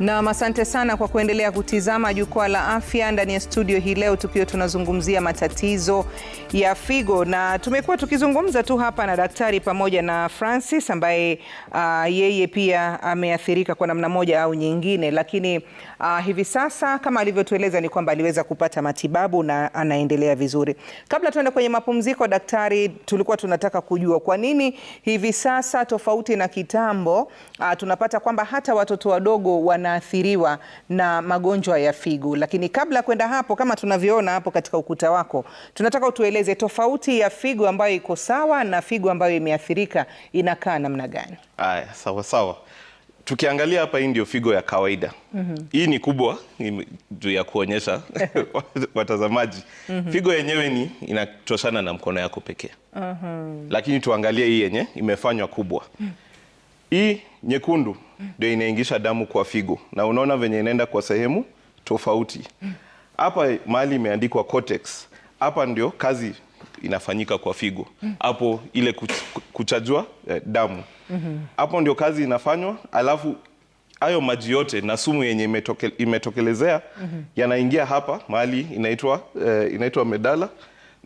Nam, asante sana kwa kuendelea kutizama jukwaa la afya ndani ya studio hii leo, tukiwa tunazungumzia matatizo ya figo, na tumekuwa tukizungumza tu hapa na daktari pamoja na Francis ambaye uh, yeye pia ameathirika kwa namna moja au nyingine, lakini uh, hivi sasa kama alivyotueleza ni kwamba aliweza kupata matibabu na anaendelea vizuri. Kabla tuende kwenye mapumziko, daktari, tulikuwa tunataka kujua kwa nini hivi sasa tofauti na kitambo uh, tunapata kwamba hata watoto wadogo wanaathiriwa na magonjwa ya figo, lakini kabla kwenda hapo, kama tunavyoona hapo katika ukuta wako, tunataka utuele tueleze tofauti ya figo ambayo iko sawa na figo ambayo imeathirika inakaa namna gani? Aya, sawa sawa. Tukiangalia hapa, hii ndio figo ya kawaida. mm -hmm. Hii ni kubwa juu ya kuonyesha watazamaji. mm -hmm. Figo yenyewe ni inatoshana na mkono yako pekee. mm -hmm. Lakini tuangalie hii yenye imefanywa kubwa. mm -hmm. Hii nyekundu ndio inaingisha damu kwa figo, na unaona venye inaenda kwa sehemu tofauti. mm -hmm. Hapa mahali imeandikwa cortex hapa ndio kazi inafanyika kwa figo hapo, ile kuchajua eh, damu hapo ndio kazi inafanywa, alafu hayo maji yote na sumu yenye imetoke, imetokelezea yanaingia hapa mahali inaitwa eh, inaitwa medala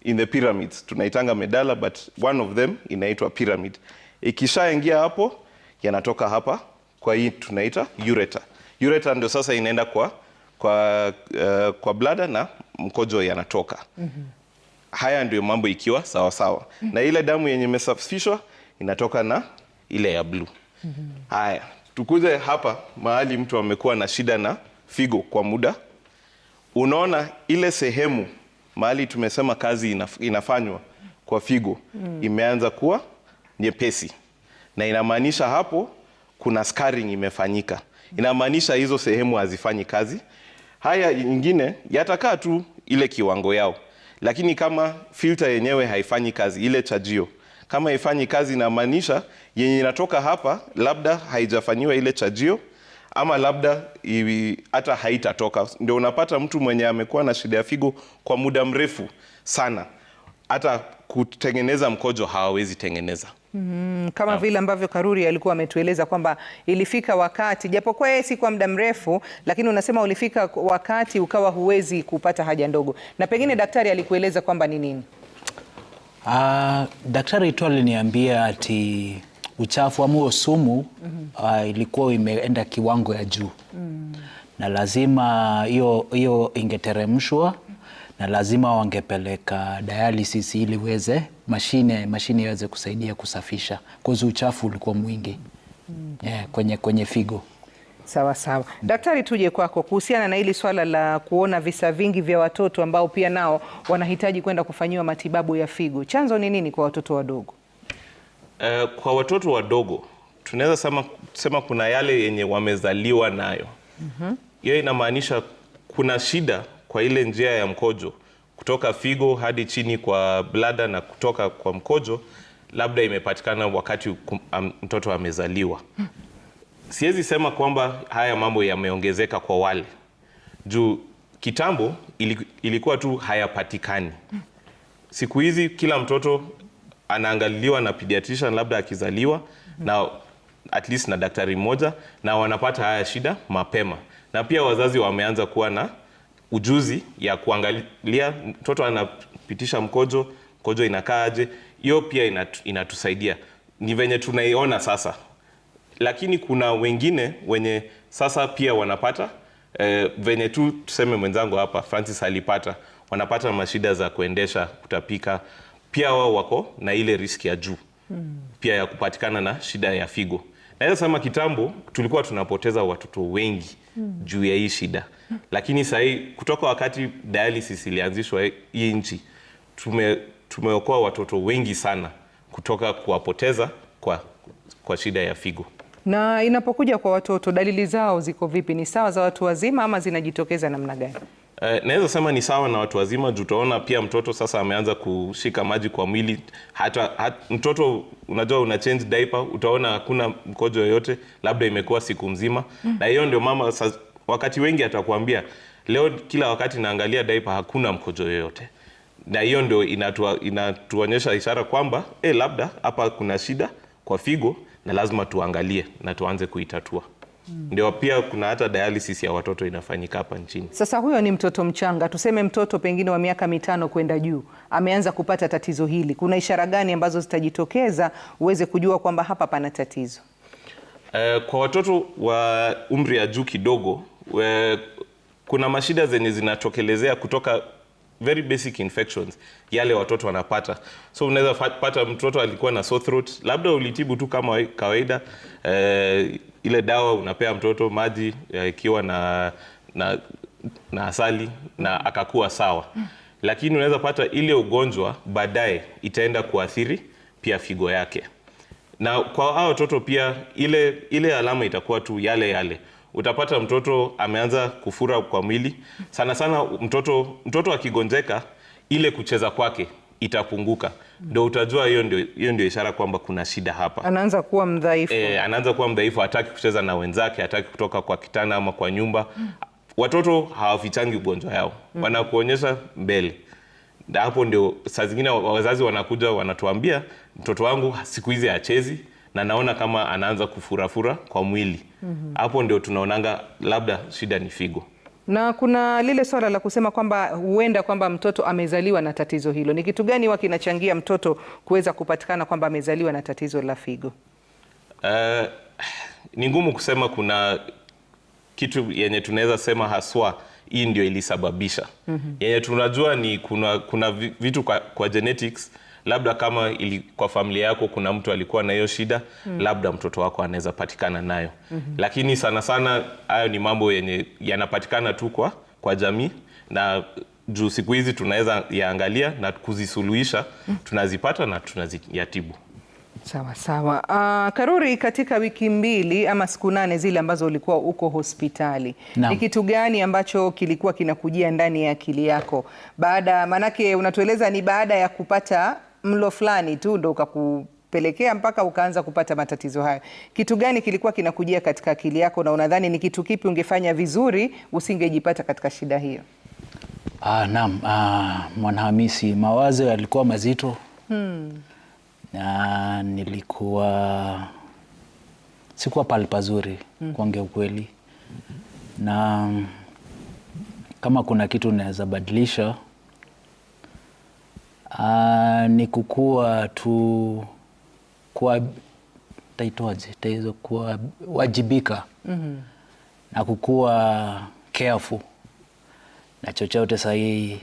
in the pyramids. Tunaitanga medala but one of them inaitwa pyramid. Ikishaingia hapo yanatoka hapa kwa hii tunaita ureter. Ureter ndio sasa inaenda kwa, kwa, uh, kwa bladder na mkojo yanatoka. mm -hmm. Haya ndio mambo ikiwa sawasawa sawa. mm -hmm. Na ile damu yenye imesafishwa inatoka na ile ya bluu. mm -hmm. Haya, tukuje hapa mahali mtu amekuwa na shida na figo kwa muda. Unaona ile sehemu mahali tumesema kazi inaf inafanywa kwa figo mm. imeanza kuwa nyepesi na inamaanisha hapo kuna scarring imefanyika. Mhm. Inamaanisha hizo sehemu hazifanyi kazi. Haya nyingine yatakaa tu ile kiwango yao, lakini kama filta yenyewe haifanyi kazi, ile chajio kama haifanyi kazi, inamaanisha yenye inatoka hapa labda haijafanyiwa ile chajio ama labda hata haitatoka. Ndio unapata mtu mwenye amekuwa na shida ya figo kwa muda mrefu sana, hata kutengeneza mkojo hawawezi tengeneza. Mm, kama vile ambavyo Karuri alikuwa ametueleza kwamba ilifika wakati japokuwa yeye si kwa muda mrefu, lakini unasema ulifika wakati ukawa huwezi kupata haja ndogo, na pengine mm. daktari alikueleza kwamba ni nini? Uh, daktari tu aliniambia ati uchafu ama sumu mm -hmm. uh, ilikuwa imeenda kiwango ya juu mm na lazima hiyo hiyo ingeteremshwa na lazima wangepeleka dialysis ili weze mashine mashine iweze kusaidia kusafisha kozi uchafu ulikuwa mwingi mm. yeah, kwenye, kwenye figo. Sawa sawa, daktari, tuje kwako kuhusiana na hili swala la kuona visa vingi vya watoto ambao pia nao wanahitaji kwenda kufanyiwa matibabu ya figo. Chanzo ni nini kwa watoto wadogo? Uh, kwa watoto wadogo tunaweza sema, sema kuna yale yenye wamezaliwa nayo mhm. hiyo. mm -hmm. Inamaanisha kuna shida kwa ile njia ya mkojo kutoka figo hadi chini kwa blada na kutoka kwa mkojo labda imepatikana wakati mtoto amezaliwa. Siwezi sema kwamba haya mambo yameongezeka kwa wale juu kitambo ilikuwa tu hayapatikani. Siku hizi kila mtoto anaangaliwa na pediatrician labda akizaliwa na at least na daktari mmoja, na wanapata haya shida mapema, na pia wazazi wameanza kuwa na ujuzi ya kuangalia mtoto anapitisha mkojo, mkojo inakaaje. Hiyo pia inatusaidia, ni venye tunaiona sasa, lakini kuna wengine wenye sasa pia wanapata e, venye tu tuseme mwenzangu hapa Francis alipata, wanapata mashida za kuendesha, kutapika, pia wao wako na ile riski ya juu pia ya kupatikana na shida ya figo. Naweza sema kitambo tulikuwa tunapoteza watoto wengi mm. juu ya hii shida mm. Lakini sahii kutoka wakati dialysis ilianzishwa hii nchi tume, tumeokoa watoto wengi sana kutoka kuwapoteza kwa, kwa shida ya figo. Na inapokuja kwa watoto, dalili zao ziko vipi? Ni sawa za watu wazima ama zinajitokeza namna gani? Eh, naweza sema ni sawa na watu wazima juu utaona pia mtoto sasa ameanza kushika maji kwa mwili hata, hat, mtoto unajua una change diaper, utaona hakuna mkojo yoyote, labda imekuwa siku mzima mm. Na hiyo ndio mama sasa, wakati wengi atakwambia leo kila wakati naangalia diaper hakuna mkojo yoyote, na hiyo ndio inatua, inatuonyesha ishara kwamba eh, labda hapa kuna shida kwa figo na lazima tuangalie na tuanze kuitatua. Mm. Ndio pia kuna hata dialysis ya watoto inafanyika hapa nchini. Sasa huyo ni mtoto mchanga, tuseme mtoto pengine wa miaka mitano kwenda juu, ameanza kupata tatizo hili, kuna ishara gani ambazo zitajitokeza uweze kujua kwamba hapa pana tatizo? Uh, kwa watoto wa umri ya juu kidogo we, eh, kuna mashida zenye zinatokelezea kutoka very basic infections yale watoto wanapata. So unaweza pata mtoto alikuwa na sore throat, labda ulitibu tu kama kawaida, uh, ile dawa unapea mtoto maji eh, ikiwa na, na, na asali na akakuwa sawa mm. Lakini unaweza pata ile ugonjwa baadaye itaenda kuathiri pia figo yake, na kwa hao watoto pia ile, ile alama itakuwa tu yale yale. Utapata mtoto ameanza kufura kwa mwili sana sana, mtoto mtoto akigonjeka ile kucheza kwake itapunguka ndo utajua hiyo ndio, hiyo ndio ishara kwamba kuna shida hapa. Anaanza kuwa mdhaifu e, anaanza kuwa mdhaifu, hataki kucheza na wenzake, hataki kutoka kwa kitanda ama kwa nyumba mm. Watoto hawafichangi ugonjwa yao mm. Wanakuonyesha mbele, hapo ndio saa zingine wazazi wanakuja wanatuambia, mtoto wangu siku hizi hachezi na naona kama anaanza kufurafura kwa mwili mm-hmm. hapo mm -hmm. Ndio tunaonanga labda shida ni figo. Na kuna lile swala la kusema kwamba huenda kwamba mtoto amezaliwa na tatizo hilo. Ni kitu gani huwa kinachangia mtoto kuweza kupatikana kwamba amezaliwa na tatizo la figo? Uh, ni ngumu kusema kuna kitu yenye tunaweza sema haswa hii ndio ilisababisha. mm -hmm. Yenye tunajua ni kuna, kuna vitu kwa, kwa genetics labda kama ili, kwa familia yako kuna mtu alikuwa na hiyo shida mm. labda mtoto wako anaweza patikana nayo mm -hmm. Lakini sana sana hayo ni mambo yenye yanapatikana tu kwa kwa jamii na juu siku hizi tunaweza yaangalia na kuzisuluhisha, tunazipata na tunaziyatibu. Sawa sawa. Uh, Karuri, katika wiki mbili ama siku nane zile ambazo ulikuwa uko hospitali ni kitu gani ambacho kilikuwa kinakujia ndani ya akili yako baada, maanake unatueleza ni baada ya kupata mlo fulani tu ndo ukakupelekea mpaka ukaanza kupata matatizo hayo. Kitu gani kilikuwa kinakujia katika akili yako, na unadhani ni kitu kipi ungefanya vizuri usingejipata katika shida hiyo? Ah, naam. Ah, Mwanahamisi, mawazo yalikuwa mazito hmm. Na nilikuwa sikuwa pali pazuri hmm. Kuongea ukweli, na kama kuna kitu naweza badilisha Aa, ah, ni kukua tu kuwa taitoaje taizo kuwa wajibika mm -hmm. na kukua careful na chochote sahihi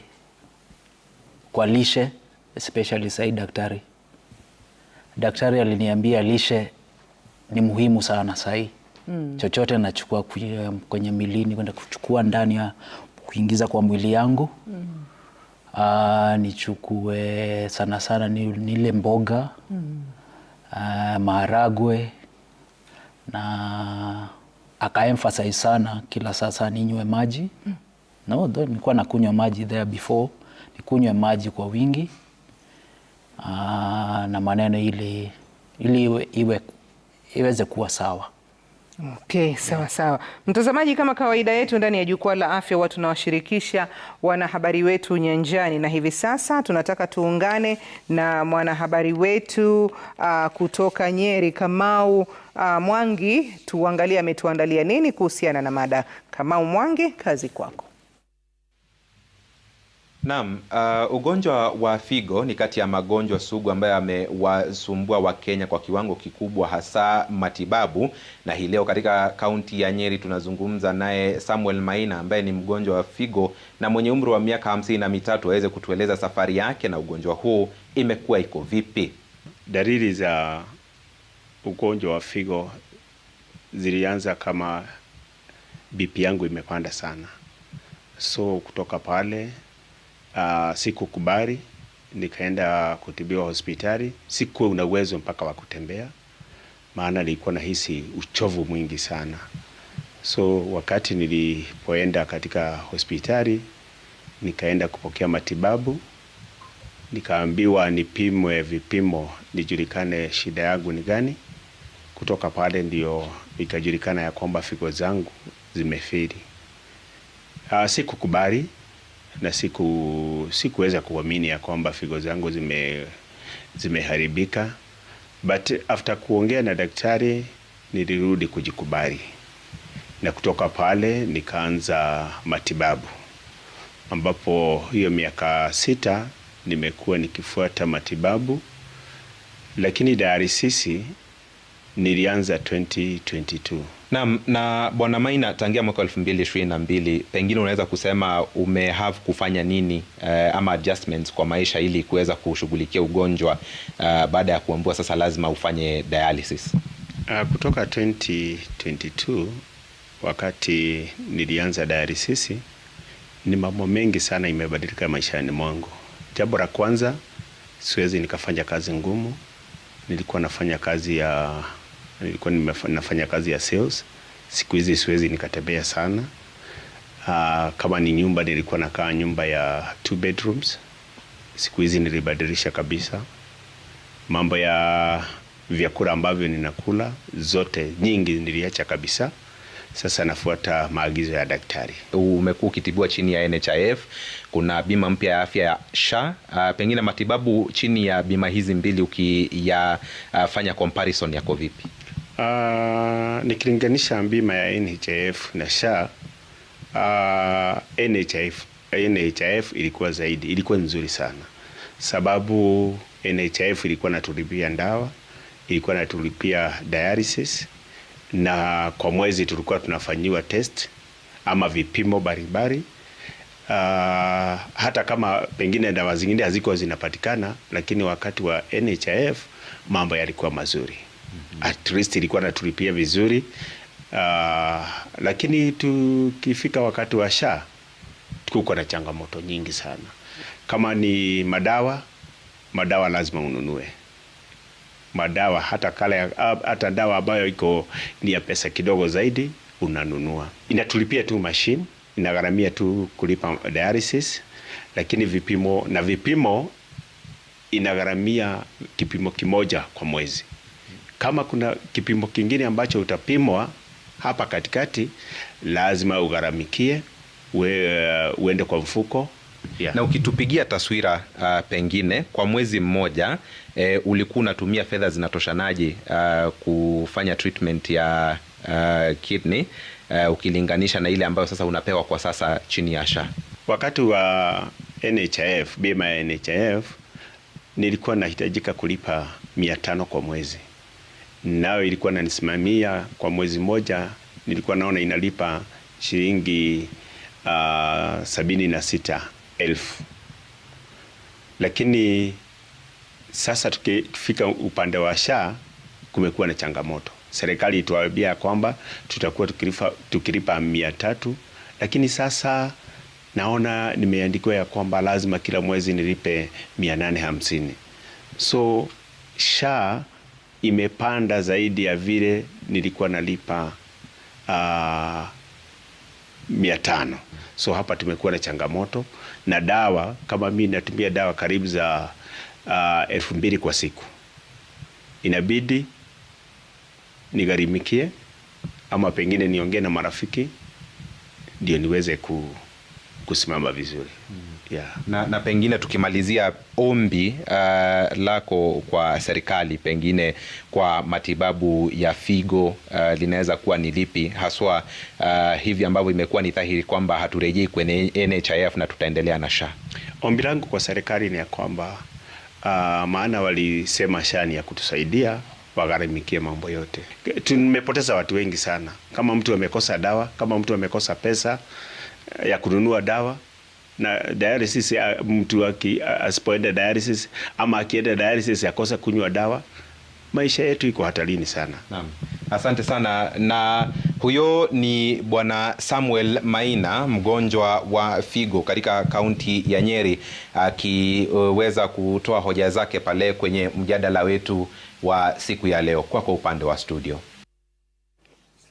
kwa lishe especially sahi daktari daktari aliniambia lishe ni muhimu sana sahi mm. chochote nachukua kwenye milini kwenda kuchukua ndani ya kuingiza kwa mwili yangu mm. Uh, nichukue sana sana nile mboga mm. uh, maharagwe na akaemphasize sana kila sasa ninywe maji mm. no, nilikuwa nakunywa maji there before, nikunywe maji kwa wingi uh, na maneno ili, ili iwe, iwe, iweze kuwa sawa. Okay, sawa sawa. Mtazamaji, kama kawaida yetu ndani ya jukwaa la afya huwa tunawashirikisha wanahabari wetu nyanjani, na hivi sasa tunataka tuungane na mwanahabari wetu uh, kutoka Nyeri Kamau uh, Mwangi, tuangalie ametuandalia nini kuhusiana na mada. Kamau Mwangi, kazi kwako. Naam, uh, ugonjwa wa figo ni kati ya magonjwa sugu ambayo yamewasumbua Wakenya kwa kiwango kikubwa, hasa matibabu. Na hii leo katika kaunti ya Nyeri tunazungumza naye Samuel Maina ambaye ni mgonjwa wa figo na mwenye umri wa miaka hamsini na mitatu aweze kutueleza safari yake na ugonjwa huu imekuwa iko vipi. Dalili za ugonjwa wa figo zilianza kama bipi yangu imepanda sana, so kutoka pale Uh, sikukubali, nikaenda kutibiwa hospitali. Sikuwa na uwezo mpaka wa kutembea, maana nilikuwa nahisi uchovu mwingi sana. So wakati nilipoenda katika hospitali, nikaenda kupokea matibabu, nikaambiwa nipimwe vipimo nijulikane shida yangu ni gani. Kutoka pale ndio ikajulikana ya kwamba figo zangu zimefeli. Uh, sikukubali na siku sikuweza kuamini ya kwamba figo zangu zime zimeharibika, but after kuongea na daktari nilirudi kujikubali, na kutoka pale nikaanza matibabu, ambapo hiyo miaka sita nimekuwa nikifuata matibabu, lakini sisi nilianza 2022. Naam, na Bwana Maina, tangia mwaka 2022 pengine unaweza kusema ume have kufanya nini eh, ama adjustments kwa maisha ili kuweza kushughulikia ugonjwa eh, baada ya kuambua sasa lazima ufanye dialysis? Uh, kutoka 2022 wakati nilianza dialysis ni mambo mengi sana imebadilika maishani mwangu. Jambo la kwanza, siwezi nikafanya kazi ngumu. Nilikuwa nafanya kazi ya nilikuwa nafanya kazi ya sales. Siku hizi siwezi nikatembea sana. Uh, kama ni nyumba nilikuwa nakaa nyumba ya two bedrooms. Siku hizi nilibadilisha kabisa. Mambo ya vyakula ambavyo ninakula zote nyingi niliacha kabisa. Sasa nafuata maagizo ya daktari. Umekuwa ukitibiwa chini ya NHIF, kuna bima mpya ya afya ya SHA. Uh, pengine matibabu chini ya bima hizi mbili ukiyafanya ah, comparison yako vipi? Uh, nikilinganisha bima ya NHIF na SHA uh, ah, NHIF, NHIF ilikuwa zaidi, ilikuwa nzuri sana sababu NHIF ilikuwa natulipia ndawa, ilikuwa natulipia dialysis, na kwa mwezi tulikuwa tunafanyiwa test ama vipimo mbalimbali. Uh, ah, hata kama pengine dawa zingine hazikuwa zinapatikana, lakini wakati wa NHIF mambo yalikuwa mazuri at least ilikuwa natulipia vizuri uh, lakini tukifika wakati wa SHA tuko na changamoto nyingi sana. Kama ni madawa, madawa lazima ununue madawa, hata kale hata dawa ambayo iko ni ya pesa kidogo zaidi unanunua. Inatulipia tu mashine, inagharamia tu kulipa dialysis, lakini vipimo na vipimo inagharamia kipimo kimoja kwa mwezi. Kama kuna kipimo kingine ambacho utapimwa hapa katikati, lazima ugharamikie we, uh, uende kwa mfuko yeah. Na ukitupigia taswira uh, pengine kwa mwezi mmoja uh, ulikuwa unatumia fedha zinatoshanaje uh, kufanya treatment ya uh, kidney uh, ukilinganisha na ile ambayo sasa unapewa kwa sasa chini ya SHA? Wakati wa NHIF, bima ya NHIF nilikuwa nahitajika kulipa mia tano kwa mwezi nayo ilikuwa nanisimamia kwa mwezi mmoja, nilikuwa naona inalipa shilingi uh, sabini na sita elfu lakini sasa tukifika upande wa SHA kumekuwa na changamoto. Serikali ituambia kwamba tutakuwa tukilipa, tukilipa mia tatu lakini sasa naona nimeandikiwa ya kwamba lazima kila mwezi nilipe mia nane hamsini so SHA imepanda zaidi ya vile nilikuwa nalipa uh, mia tano. So hapa tumekuwa na changamoto na dawa. Kama mi natumia dawa karibu za uh, elfu mbili kwa siku, inabidi nigharimikie ama pengine niongee na marafiki ndio niweze ku, kusimama vizuri. Hmm. Yeah. Na, na pengine tukimalizia ombi uh, lako kwa serikali pengine kwa matibabu ya figo uh, linaweza kuwa ni lipi haswa uh, hivi ambavyo imekuwa ni dhahiri kwamba haturejei kwenye NHIF na tutaendelea na SHA? Ombi langu kwa serikali ni ya kwamba uh, maana walisema SHA ni ya kutusaidia wagharimikie mambo yote. Tumepoteza watu wengi sana, kama mtu amekosa dawa, kama mtu amekosa pesa uh, ya kununua dawa na dialysis, mtu asipoenda dialysis ama akienda dialysis akose kunywa dawa, maisha yetu iko hatarini sana. Naam. Asante sana na huyo ni Bwana Samuel Maina, mgonjwa wa figo katika kaunti ya Nyeri, akiweza kutoa hoja zake pale kwenye mjadala wetu wa siku ya leo. Kwako kwa upande wa studio.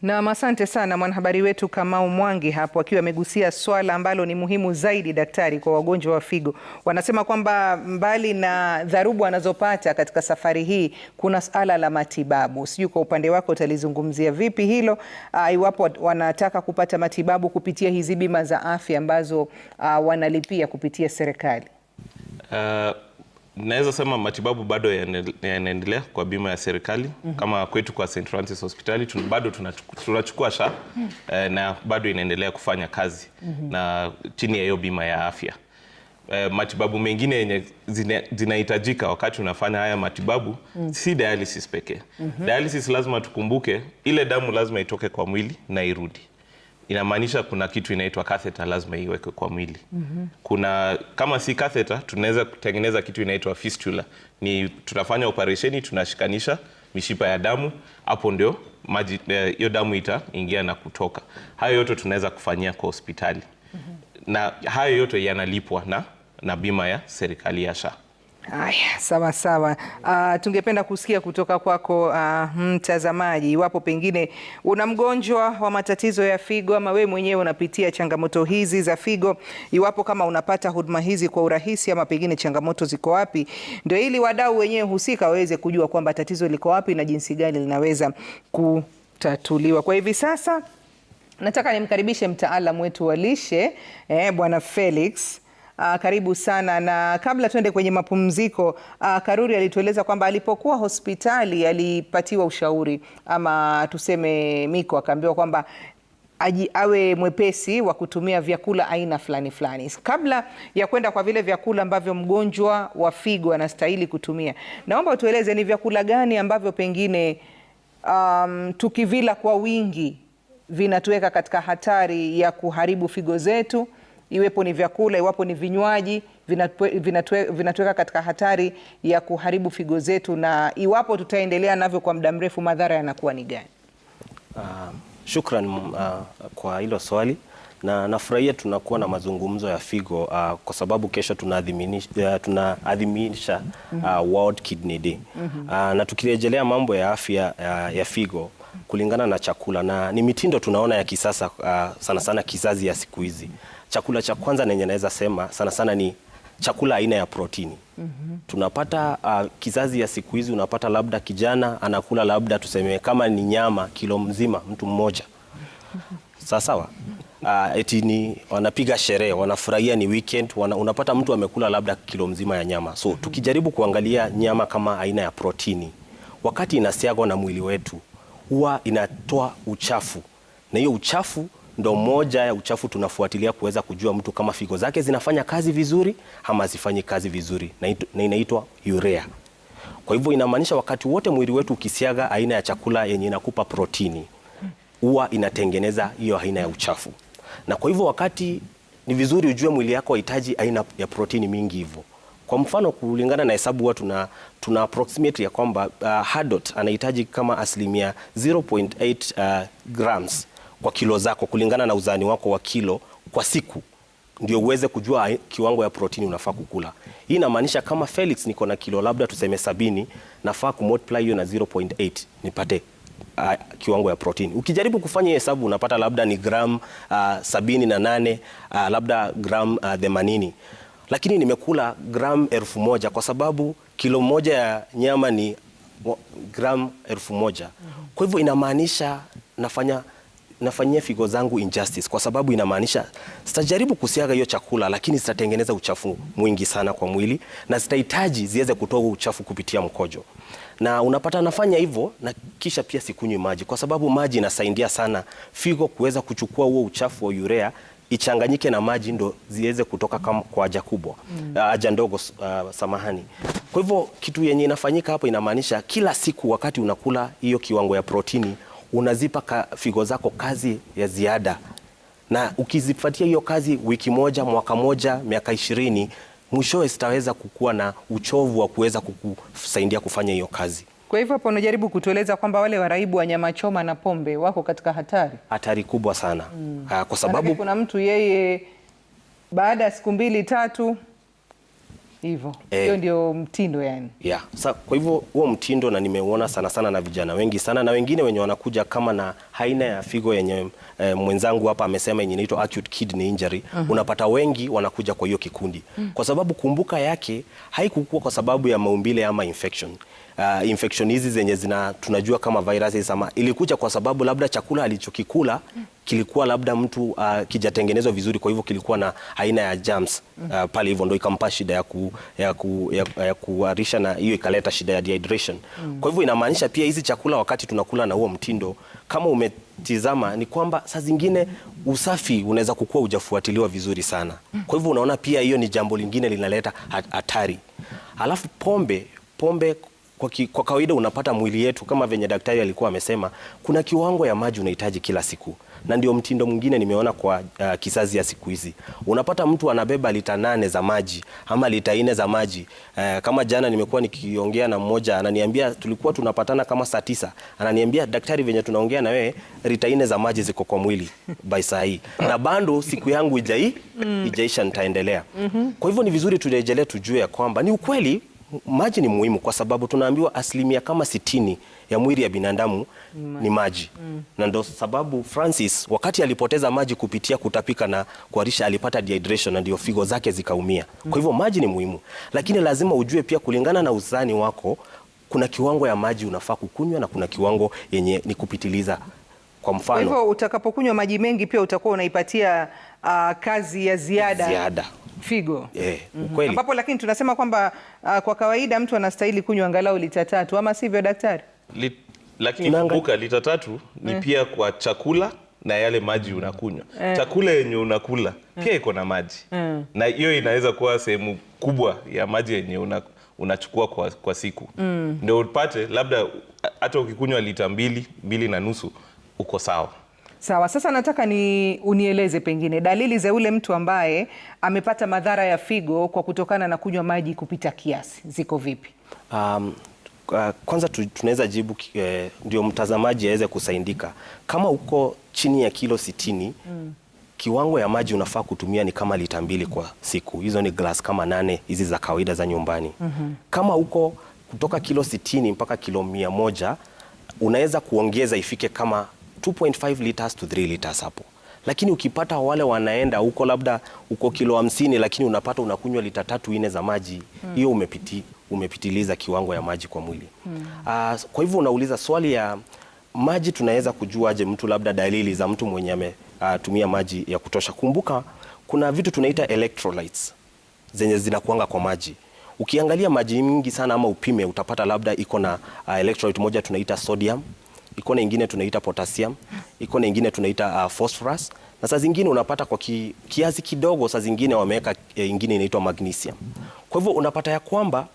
Nam, asante sana mwanahabari wetu Kamau Mwangi hapo akiwa amegusia swala ambalo ni muhimu zaidi, daktari, kwa wagonjwa wa figo. Wanasema kwamba mbali na dharubu anazopata katika safari hii, kuna sala la matibabu. Sijui kwa upande wako utalizungumzia vipi hilo, uh, iwapo wanataka kupata matibabu kupitia hizi bima za afya ambazo uh, wanalipia kupitia serikali uh... Naweza sema matibabu bado yanaendelea kwa bima ya serikali mm -hmm. Kama kwetu kwa St Francis Hospitali tun, bado tunachukua sha mm -hmm. eh, na bado inaendelea kufanya kazi mm -hmm. na chini ya hiyo bima ya afya eh, matibabu mengine yenye zinahitajika wakati unafanya haya matibabu mm -hmm. si dialysis pekee mm -hmm. Dialysis lazima tukumbuke ile damu lazima itoke kwa mwili na irudi inamaanisha kuna kitu inaitwa catheter lazima iwekwe kwa mwili. mm -hmm. Kuna kama si catheter, tunaweza kutengeneza kitu inaitwa fistula. Ni tunafanya operesheni, tunashikanisha mishipa ya damu, hapo ndio maji eh, hiyo damu itaingia na kutoka. Hayo yote tunaweza kufanyia kwa hospitali. mm -hmm. Na hayo yote yanalipwa na, na bima ya serikali ya SHA. Aya, sawa sawa. Uh, tungependa kusikia kutoka kwako uh, mtazamaji, iwapo pengine una mgonjwa wa matatizo ya figo ama wewe mwenyewe unapitia changamoto hizi za figo, iwapo kama unapata huduma hizi kwa urahisi ama pengine changamoto ziko wapi, ndio ili wadau wenyewe husika waweze kujua kwamba tatizo liko wapi na jinsi gani linaweza kutatuliwa. Kwa hivi sasa nataka nimkaribishe mtaalamu wetu wa lishe eh, Bwana Felix Uh, karibu sana na kabla tuende kwenye mapumziko uh, Karuri alitueleza kwamba alipokuwa hospitali alipatiwa ushauri ama tuseme Miko akaambiwa kwamba aji awe mwepesi wa kutumia vyakula aina fulani fulani kabla ya kwenda kwa vile vyakula ambavyo mgonjwa wa figo anastahili kutumia. Naomba utueleze ni vyakula gani ambavyo pengine um, tukivila kwa wingi vinatuweka katika hatari ya kuharibu figo zetu iwepo ni vyakula, iwapo ni vinywaji vinatuweka katika hatari ya kuharibu figo zetu, na iwapo tutaendelea navyo kwa muda mrefu, madhara yanakuwa ni gani? Uh, shukran uh, kwa hilo swali na nafurahia tunakuwa na mazungumzo ya figo uh, kwa sababu kesho tunaadhimisha tunaadhimisha mhm. uh, World Kidney Day uh, na tukirejelea mambo ya afya uh, ya figo kulingana na chakula na ni mitindo tunaona ya kisasa uh, sana sana kizazi ya siku hizi. Chakula cha kwanza nenye naweza sema sana sana ni chakula aina ya protini. Mm -hmm. Tunapata uh, kizazi ya siku hizi unapata labda kijana anakula labda tuseme kama ni nyama kilo mzima mtu mmoja. Sawa sawa. Uh, eti ni wanapiga sherehe, wanafurahia ni weekend, wana, unapata mtu amekula labda kilo mzima ya nyama. So mhm. tukijaribu kuangalia nyama kama aina ya protini wakati inasiagwa na mwili wetu huwa inatoa uchafu, na hiyo uchafu ndo moja ya uchafu tunafuatilia kuweza kujua mtu kama figo zake zinafanya kazi vizuri ama zifanyi kazi vizuri, na inaitwa urea. Kwa hivyo inamaanisha wakati wote mwili wetu ukisiaga aina ya chakula yenye inakupa protini huwa inatengeneza hiyo aina ya uchafu, na kwa hivyo wakati ni vizuri ujue mwili yako hahitaji aina ya protini mingi hivyo kwa mfano kulingana na hesabu watu na tuna approximate ya kwamba uh, Hadot anahitaji kama asilimia 0.8 uh, grams kwa kilo zako kulingana na uzani wako wa kilo kwa siku ndio uweze kujua kiwango ya protini unafaa kukula. Hii inamaanisha kama Felix niko na kilo labda tuseme sabini, nafaa kumultiply hiyo na 0.8 nipate uh, kiwango ya protini. Ukijaribu kufanya hesabu unapata labda ni gram uh, sabini na nane uh, labda gram uh, themanini uh, lakini nimekula gram elfu moja kwa sababu kilo moja ya nyama ni gram elfu moja Kwa hivyo inamaanisha nafanya nafanyia figo zangu injustice, kwa sababu inamaanisha sitajaribu kusiaga hiyo chakula, lakini zitatengeneza uchafu mwingi sana kwa mwili na zitahitaji ziweze kutoa uchafu kupitia mkojo, na unapata nafanya hivyo, na kisha pia sikunywi maji, kwa sababu maji inasaidia sana figo kuweza kuchukua huo uchafu wa urea ichanganyike na maji ndo ziweze kutoka kama kwa haja kubwa mm. Uh, haja ndogo uh, samahani. Kwa hivyo kitu yenye inafanyika hapo inamaanisha kila siku wakati unakula hiyo kiwango ya protini unazipa ka, figo zako kazi ya ziada, na ukizipatia hiyo kazi wiki moja, mwaka moja, miaka ishirini, mwishowe zitaweza kukuwa na uchovu wa kuweza kukusaidia kufanya hiyo kazi. Kwa hivyo hapo unajaribu kutueleza kwamba wale waraibu wa nyama choma na pombe wako katika hatari, hatari kubwa sana mm. Ah, kwa sababu kuna mtu yeye baada ya siku mbili tatu hivyo eh. hiyo ndio mtindo yani yeah. Sa, kwa hivyo huo mtindo na nimeuona sana sana na vijana wengi sana na wengine wenye wanakuja kama na aina ya figo yenye eh, mwenzangu hapa amesema yenye inaitwa acute kidney injury uh -huh. Unapata wengi wanakuja kwa hiyo kikundi uh mm. -huh. Kwa sababu kumbuka yake haikukua kwa sababu ya maumbile ama infection uh, infection hizi zenye zina tunajua kama viruses ama ilikuja kwa sababu labda chakula alichokikula kilikuwa labda mtu uh, kijatengenezwa vizuri, kwa hivyo kilikuwa na aina ya germs uh, pale, hivyo ndio ikampa shida ya ku, ya, ku, ya, ya kuharisha na hiyo ikaleta shida ya dehydration Kwa hivyo inamaanisha pia hizi chakula wakati tunakula na huo mtindo kama ume tizama ni kwamba saa zingine usafi unaweza kukua hujafuatiliwa vizuri sana. Kwa hivyo unaona pia hiyo ni jambo lingine linaleta hatari. Alafu pombe pombe kwa, ki, kwa kawaida unapata mwili yetu kama venye daktari alikuwa amesema, kuna kiwango ya maji unahitaji kila siku, na ndio mtindo mwingine nimeona kwa uh, kizazi ya siku hizi unapata mtu anabeba lita nane za maji ama lita nne za maji. Uh, kama jana nimekuwa nikiongea na mmoja ananiambia, tulikuwa tunapatana kama saa tisa, ananiambia daktari, venye tunaongea na wewe lita nne za maji ziko kwa mwili by saa hii na bado siku yangu ijai mm. ijaisha, nitaendelea. Mm-hmm. Kwa hivyo ni vizuri turejelee, tujue ya kwamba ni ukweli maji ni muhimu kwa sababu tunaambiwa asilimia kama sitini ya mwili ya binadamu maji. ni maji mm. na ndio sababu Francis wakati alipoteza maji kupitia kutapika na kuharisha alipata dehydration na ndio figo zake zikaumia mm. kwa hivyo maji ni muhimu, lakini lazima ujue pia kulingana na uzani wako kuna kiwango ya maji unafaa kukunywa na kuna kiwango yenye ni kupitiliza. Kwa mfano, kwa hivyo utakapokunywa maji mengi pia utakuwa unaipatia uh, kazi ya ziada, ziada figo yeah, mhm. ukweli. Ambapo lakini tunasema kwamba uh, kwa kawaida mtu anastahili kunywa angalau lita tatu ama sivyo daktari? Li, lakini kumbuka lita tatu ni eh, pia kwa chakula na yale maji unakunywa eh. Chakula yenye unakula eh, pia iko na maji eh, na hiyo inaweza kuwa sehemu kubwa ya maji yenye una, unachukua kwa, kwa siku mm, ndio upate labda hata ukikunywa lita mbili mbili na nusu uko sawa. Sawa, sasa nataka ni unieleze pengine dalili za yule mtu ambaye amepata madhara ya figo kwa kutokana na kunywa maji kupita kiasi ziko vipi? Um, uh, kwanza tunaweza jibu eh, ndio mtazamaji aweze kusaidika. Kama uko chini ya kilo sitini mm. Kiwango ya maji unafaa kutumia ni kama lita mbili kwa siku. Hizo ni glass kama nane hizi za kawaida za nyumbani. mm -hmm. Kama uko kutoka kilo sitini mpaka kilo mia moja unaweza kuongeza ifike kama 2.5 liters to 3 liters hapo, lakini ukipata wale wanaenda huko labda uko kilo hamsini, lakini unapata unakunywa lita tatu nne za maji hiyo, hmm. umepiti, umepitiliza kiwango ya maji kwa mwili hmm. Uh, kwa hivyo unauliza swali ya maji, tunaweza kujuaje mtu labda dalili za mtu mwenye ametumia ah, uh, maji ya kutosha? Kumbuka kuna vitu tunaita electrolytes zenye zinakuanga kwa maji ukiangalia maji mingi sana ama upime utapata labda iko na uh, electrolyte moja tunaita sodium na ingine tunaita potassium, na ingine tunaita uh, phosphorus na saa zingine unapata kwa ki, kiasi kidogo, saa zingine wameweka eh, ingine inaitwa magnesium. Kwa hivyo unapata ya kwamba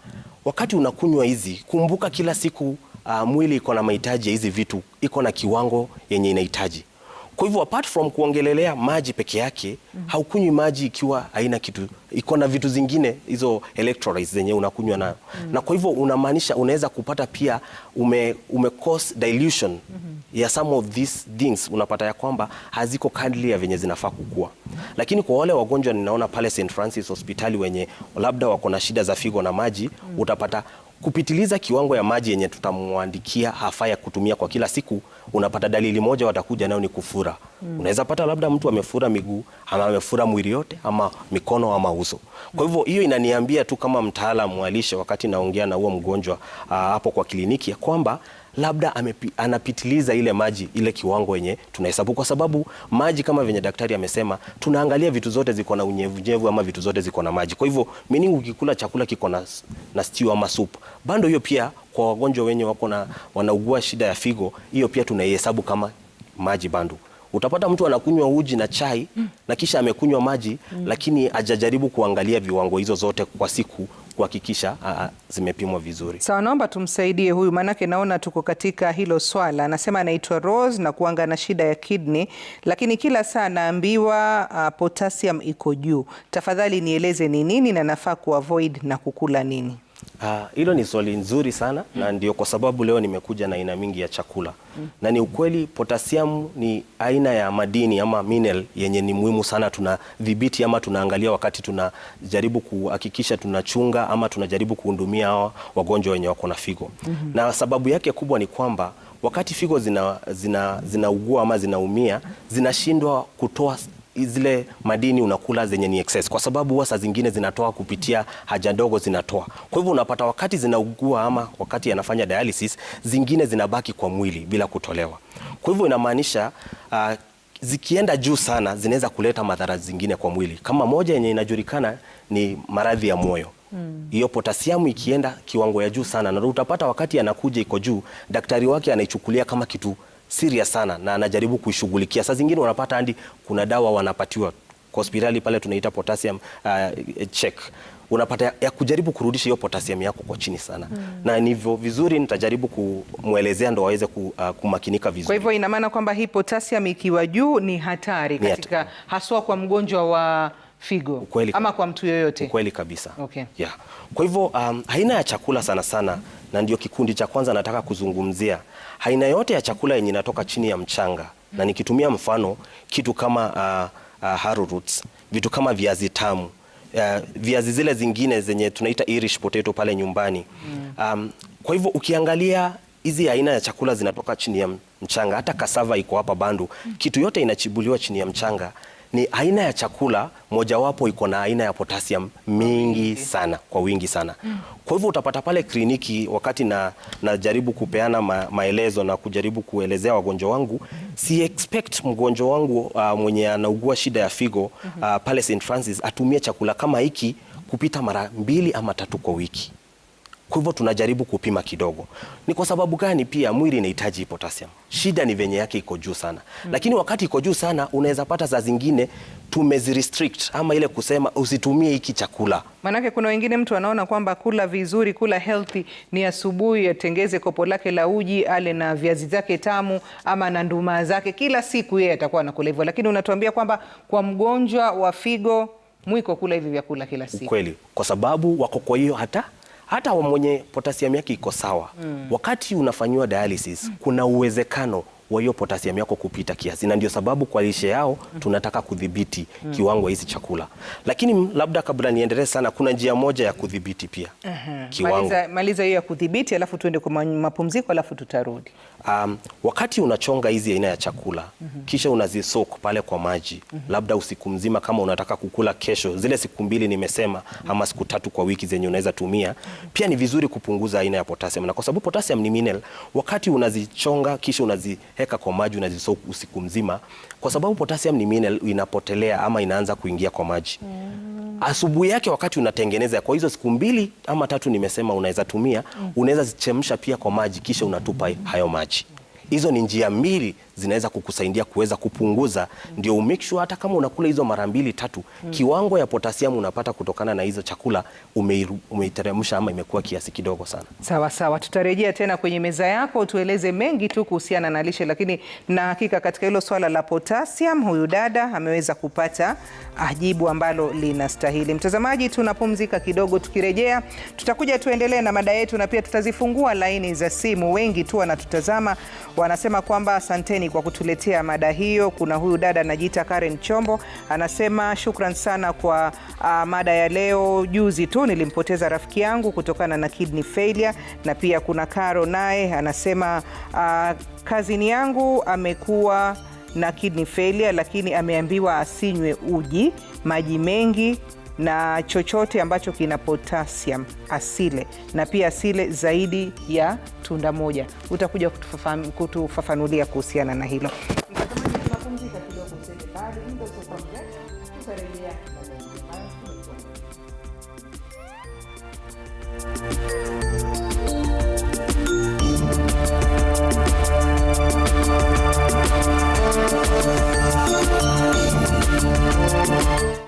wakati unakunywa hizi, kumbuka kila siku uh, mwili iko na mahitaji ya hizi vitu, iko na kiwango yenye inahitaji kwa hivyo apart from kuongelelea maji peke yake mm -hmm. haukunywi maji ikiwa haina kitu, iko na vitu zingine hizo electrolytes zenye unakunywa nayo mm -hmm. na kwa hivyo unamaanisha unaweza kupata pia ume, ume cause dilution mm -hmm. ya some of these things, unapata ya kwamba haziko kadri ya venye zinafaa kukua mm -hmm. lakini kwa wale wagonjwa ninaona pale St Francis hospitali wenye labda wako na shida za figo na maji mm -hmm. utapata kupitiliza kiwango ya maji yenye tutamwandikia hafaa ya kutumia kwa kila siku, unapata dalili moja watakuja nayo ni kufura. Mm. Unaweza pata labda mtu amefura miguu ama amefura mwili yote ama mikono ama uso. Kwa hivyo hiyo inaniambia tu kama mtaalamu wa lishe, wakati naongea na huo mgonjwa ah, hapo kwa kliniki, ya kwamba labda amepi, anapitiliza ile maji ile kiwango yenye tunahesabu, kwa sababu maji kama venye daktari amesema, tunaangalia vitu zote ziko na unyevunyevu ama vitu zote ziko na maji. Kwa hivyo mimi ukikula chakula kiko na, na stew ama soup bando, hiyo pia kwa wagonjwa wenye wako na wanaugua shida ya figo, hiyo pia tunaihesabu kama maji bando. Utapata mtu anakunywa uji na chai mm. na kisha amekunywa maji mm. lakini ajajaribu kuangalia viwango hizo zote kwa siku kuhakikisha zimepimwa vizuri. Sawa, naomba tumsaidie huyu, maanake naona tuko katika hilo swala. Anasema anaitwa Rose na kuanga na shida ya kidney, lakini kila saa anaambiwa uh, potassium iko juu. Tafadhali nieleze ni nini na nafaa kuavoid na kukula nini? Ah, hilo uh, ni swali nzuri sana mm. na ndio kwa sababu leo nimekuja na aina mingi ya chakula mm. na ni ukweli, potasiamu ni aina ya madini ama mineral yenye ni muhimu sana, tunadhibiti ama tunaangalia wakati tunajaribu kuhakikisha tunachunga ama tunajaribu kuhudumia hawa wagonjwa wenye wako na figo mm -hmm. na sababu yake kubwa ni kwamba wakati figo zinaugua zina, zina ama zinaumia zinashindwa kutoa zile madini unakula zenye ni excess, kwa sababu huwa saa zingine zinatoa kupitia haja ndogo zinatoa. Kwa hivyo unapata wakati zinaugua ama wakati anafanya dialysis, zingine zinabaki kwa mwili bila kutolewa. Kwa hivyo inamaanisha uh, zikienda juu sana zinaweza kuleta madhara zingine kwa mwili, kama moja yenye inajulikana ni maradhi ya moyo hmm. hiyo mm. Potasiamu ikienda kiwango ya juu sana, na utapata wakati anakuja iko juu, daktari wake anaichukulia kama kitu serious sana na anajaribu kuishughulikia. Saa zingine wanapata hadi kuna dawa wanapatiwa kwa hospitali pale tunaita potassium uh, check unapata ya kujaribu kurudisha hiyo potassium yako kwa chini sana mm. Na nivyo vizuri nitajaribu kumwelezea ndo waweze ku, uh, kumakinika vizuri. Kwa hivyo ina maana kwamba hii potassium ikiwa juu ni hatari katika, haswa kwa mgonjwa wa figo ukweli, ama kwa mtu yoyote ukweli kabisa okay. Yeah. Kwa hivyo um, aina ya chakula sana sana, na ndio kikundi cha kwanza nataka kuzungumzia, aina yote ya chakula yenye inatoka chini ya mchanga mm. na nikitumia mfano kitu kama uh, uh, haru roots, vitu kama viazi tamu uh, viazi zile zingine zenye tunaita Irish potato pale nyumbani mm. um, kwa hivyo ukiangalia hizi aina ya chakula zinatoka chini ya mchanga. Hata kasava iko hapa Bandu, mm. kitu yote inachibuliwa chini ya mchanga ni aina ya chakula mojawapo iko na aina ya potassium mingi sana kwa wingi sana. Kwa hivyo utapata pale kliniki, wakati na najaribu kupeana ma, maelezo na kujaribu kuelezea wagonjwa wangu, si expect mgonjwa wangu uh, mwenye anaugua shida ya figo uh, pale St Francis atumie chakula kama hiki kupita mara mbili ama tatu kwa wiki. Kwa hivyo tunajaribu kupima kidogo. Ni kwa sababu gani? Pia mwili inahitaji potassium. Shida ni venye yake iko juu sana mm. Lakini wakati iko juu sana, unaweza pata za zingine tumezirestrict ama ile kusema usitumie hiki chakula. Maanake kuna wengine mtu anaona kwamba kula vizuri, kula healthy ni asubuhi atengeze kopo lake la uji, ale na viazi zake tamu ama na nduma zake kila siku, yeye atakuwa anakula hivyo. Lakini unatuambia kwamba kwa mgonjwa wa figo mwiko kula hivi vyakula kila siku. Kweli, kwa sababu wako kwa hiyo hata hata mwenye potasiamu yake iko sawa mm. wakati unafanyiwa dialysis kuna uwezekano wa hiyo potasiamu yako kupita kiasi, na ndio sababu kwa lishe yao tunataka kudhibiti mm. kiwango hizi chakula. Lakini labda kabla niendelee sana, kuna njia moja ya kudhibiti pia uh -huh. kiwango. Maliza hiyo ya kudhibiti, alafu tuende kwa mapumziko, alafu tutarudi. Um, wakati unachonga hizi aina ya chakula mm -hmm. Kisha unazisoak pale kwa maji mm -hmm. Labda usiku mzima kama unataka kukula kesho, zile siku mbili nimesema mm -hmm. Ama siku tatu kwa wiki zenye unaweza tumia mm -hmm. Pia ni vizuri kupunguza aina ya potassium, na kwa sababu potassium ni mineral, wakati unazichonga kisha unaziheka kwa maji, unazisoak usiku mzima, kwa sababu potassium ni mineral, inapotelea ama inaanza kuingia kwa maji mm -hmm. Asubuhi yake wakati unatengeneza kwa hizo siku mbili ama tatu nimesema unaweza tumia mm -hmm. Unaweza zichemsha pia kwa maji kisha unatupa mm. hayo maji uponyaji. Hizo ni njia mbili zinaweza kukusaidia kuweza kupunguza mm. Ndio umake sure hata kama unakula hizo mara mbili tatu mm. Kiwango ya potasiamu unapata kutokana na hizo chakula umeiteremsha ama imekuwa kiasi kidogo sana. Sawa sawa, tutarejea tena kwenye meza yako tueleze mengi tu kuhusiana na lishe, lakini na hakika katika hilo swala la potasiam, huyu dada ameweza kupata ajibu ambalo linastahili. Mtazamaji, tunapumzika kidogo, tukirejea tutakuja tuendelee na mada yetu na pia tutazifungua laini za simu. Wengi tu wanatutazama wanasema kwamba asanteni kwa kutuletea mada hiyo. Kuna huyu dada anajiita Karen Chombo, anasema shukran sana kwa uh, mada ya leo. Juzi tu nilimpoteza rafiki yangu kutokana na kidney failure. Na pia kuna Karo naye anasema uh, kazini yangu amekuwa na kidney failure, lakini ameambiwa asinywe uji, maji mengi na chochote ambacho kina potassium asile, na pia asile zaidi ya tunda moja. Utakuja kutufafanulia kuhusiana na hilo.